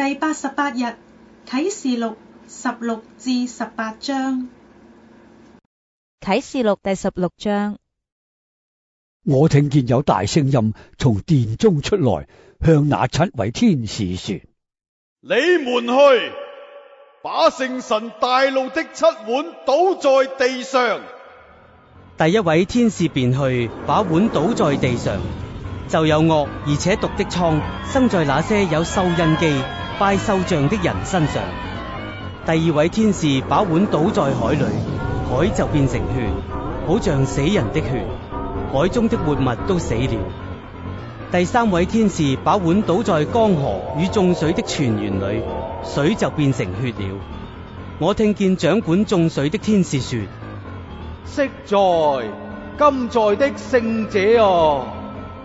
第八十八日啟示錄十六至十八章，啟示錄第十六章。我聽見有大聲音從殿中出來，向那七位天使說：你們去，把盛神大怒的七碗倒在地上。第一位天使便去，把碗倒在地上。就有惡，而且毒的瘡生在那些有獸印記、拜獸像的人身上。第二位天使把碗倒在海裏，海就變成血，好像死人的血，海中的活物都死了。第三位天使把碗倒在江河與眾水的泉源裏，水就變成血了。我聽見掌管眾水的天使說：昔在、今在的聖者啊！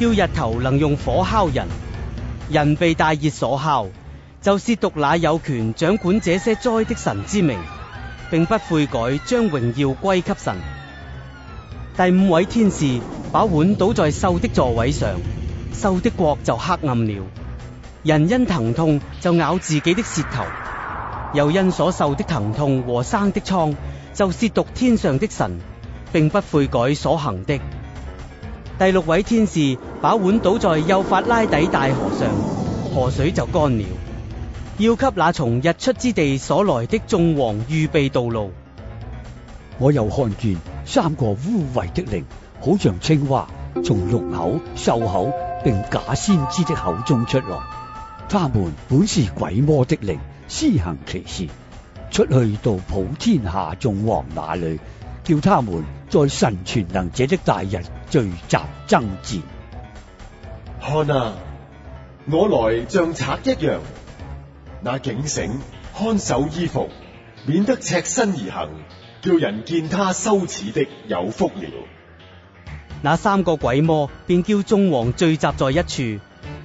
叫日頭能用火烤人，人被大熱所烤，就褻瀆那有權掌管這些災的神之名，並不悔改，將榮耀歸給神。第五位天使把碗倒在獸的座位上，獸的國就黑暗了。人因疼痛就咬自己的舌頭，又因所受的疼痛和生的瘡，就褻瀆天上的神，並不悔改所行的。第六位天使把碗倒在幼法拉底大河上，河水就乾了，要給那從日出之地所來的眾王預備道路。我又看見三個污穢的靈，好像青蛙，從六口、獸口並假先知的口中出來。他們本是鬼魔的靈，施行其事，出去到普天下眾王那裏，叫他們在神全能者的大日。聚集爭戰，看啊！我來像賊一樣，那警醒，看守衣服，免得赤身而行，叫人見他羞恥的有福了。那三個鬼魔便叫眾王聚集在一處，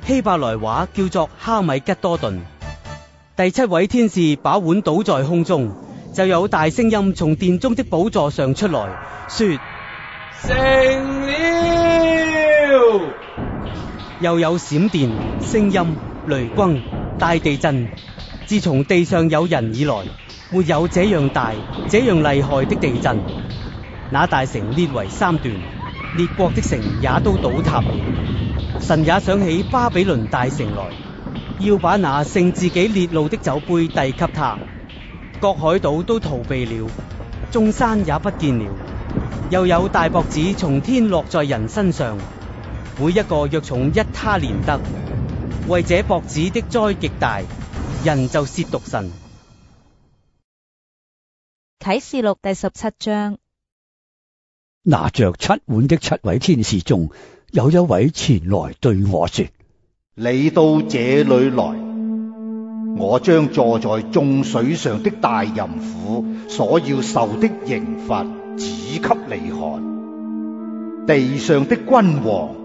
希伯來話叫做哈米吉多頓。第七位天使把碗倒在空中，就有大聲音從殿中的寶座上出來說：聖。又有閃電、聲音、雷轟、大地震。自從地上有人以來，沒有這樣大、這樣厲害的地震。那大城裂為三段，列國的城也都倒塌。神也想起巴比倫大城來，要把那盛自己烈怒的酒杯遞給他。各海島都逃避了，眾山也不見了。又有大雹子從天落在人身上。每一個約重一他連得，為這雹子的災極大，人就褻瀆神。啟示錄第十七章。拿着七碗的七位天使中有一位前來對我說：你到這裏來，我將坐在眾水上的大淫婦所要受的刑罰指給你看，地上的君王。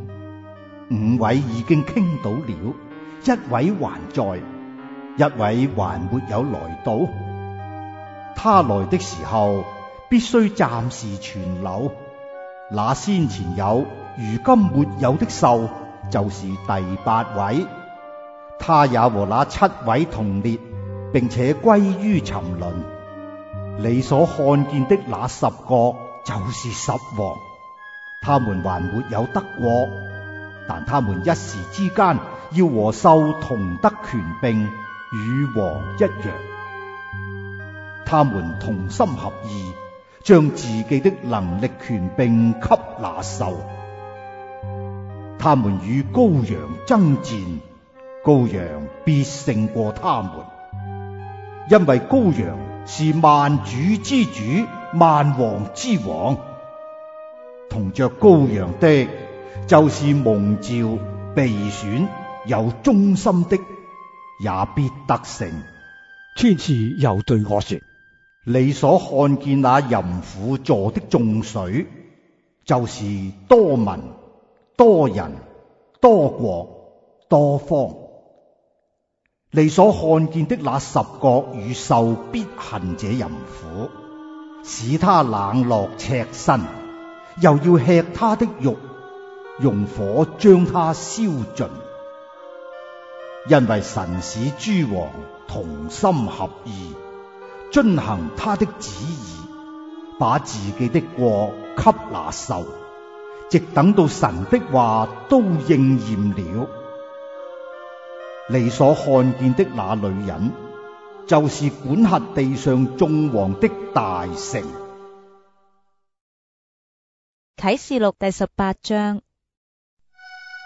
五位已經傾倒了，一位還在，一位還沒有來到。他來的時候，必須暫時存留。那先前有，如今沒有的獸，就是第八位。他也和那七位同列，並且歸於沉淪。你所看見的那十個，就是十王，他們還沒有得國。但他們一時之間要和獸同得權柄與王一樣。他們同心合意，將自己的能力權柄給那獸。他們與羔羊爭戰，羔羊必勝過他們，因為羔羊是萬主之主，萬王之王。同着羔羊的。就是蒙召被選有忠心的，也必得勝。天使又對我說：你所看見那淫婦坐的眾水，就是多民多人多國多方。你所看見的那十國與受必恨者淫婦，使他冷落赤身，又要吃他的肉。用火將它燒盡，因為神使諸王同心合意，遵行他的旨意，把自己的國給那獸，直等到神的話都應驗了。你所看見的那女人，就是管轄地上眾王的大城。啟示錄第十八章。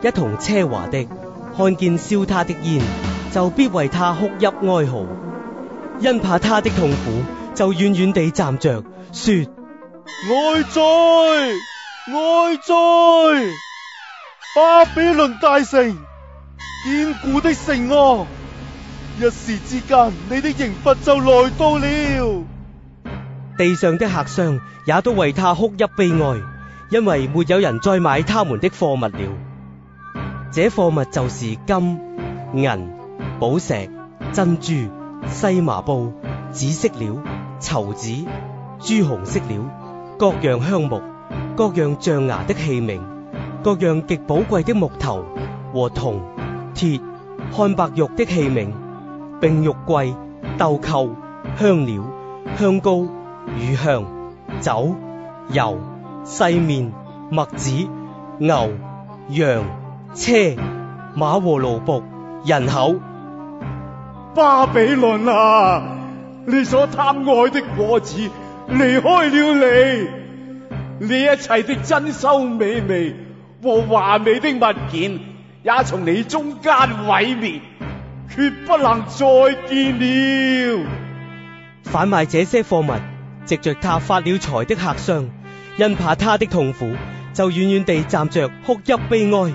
一同奢華的，看見燒他的煙，就必為他哭泣哀嚎。因怕他的痛苦，就遠遠地站着說：哀哉，哀哉，巴比倫大城，堅固的城啊！一時之間，你的刑罰就來到了。地上的客商也都為他哭泣悲哀，因為沒有人再買他們的貨物了。這貨物就是金、銀、寶石、珍珠、西麻布、紫色料、綢子、朱紅色料、各樣香木、各樣象牙的器皿、各樣極寶貴的木頭和銅、鐵、漢白玉的器皿，並玉桂、豆蔻、香料、香膏、乳香、酒、油、細麵、麥子、牛、羊。車馬和奴僕，人口。巴比倫啊，你所貪愛的果子離開了你，你一切的珍饈美味和華美的物件也從你中間毀滅，決不能再見了。販賣這些貨物，藉着他發了財的客商，因怕他的痛苦，就遠遠地站着哭泣悲哀。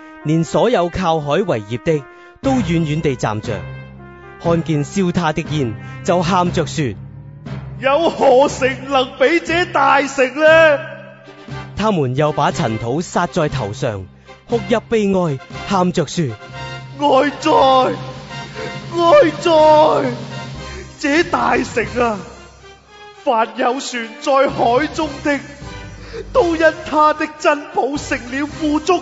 連所有靠海為業的都遠遠地站着，看見燒他的煙就喊着說：有何城能比這大城呢？他們又把塵土撒在頭上，哭泣悲哀，喊着說：哀哉，哀哉，這大城啊，凡有船在海中的，都因他的珍寶成了富足。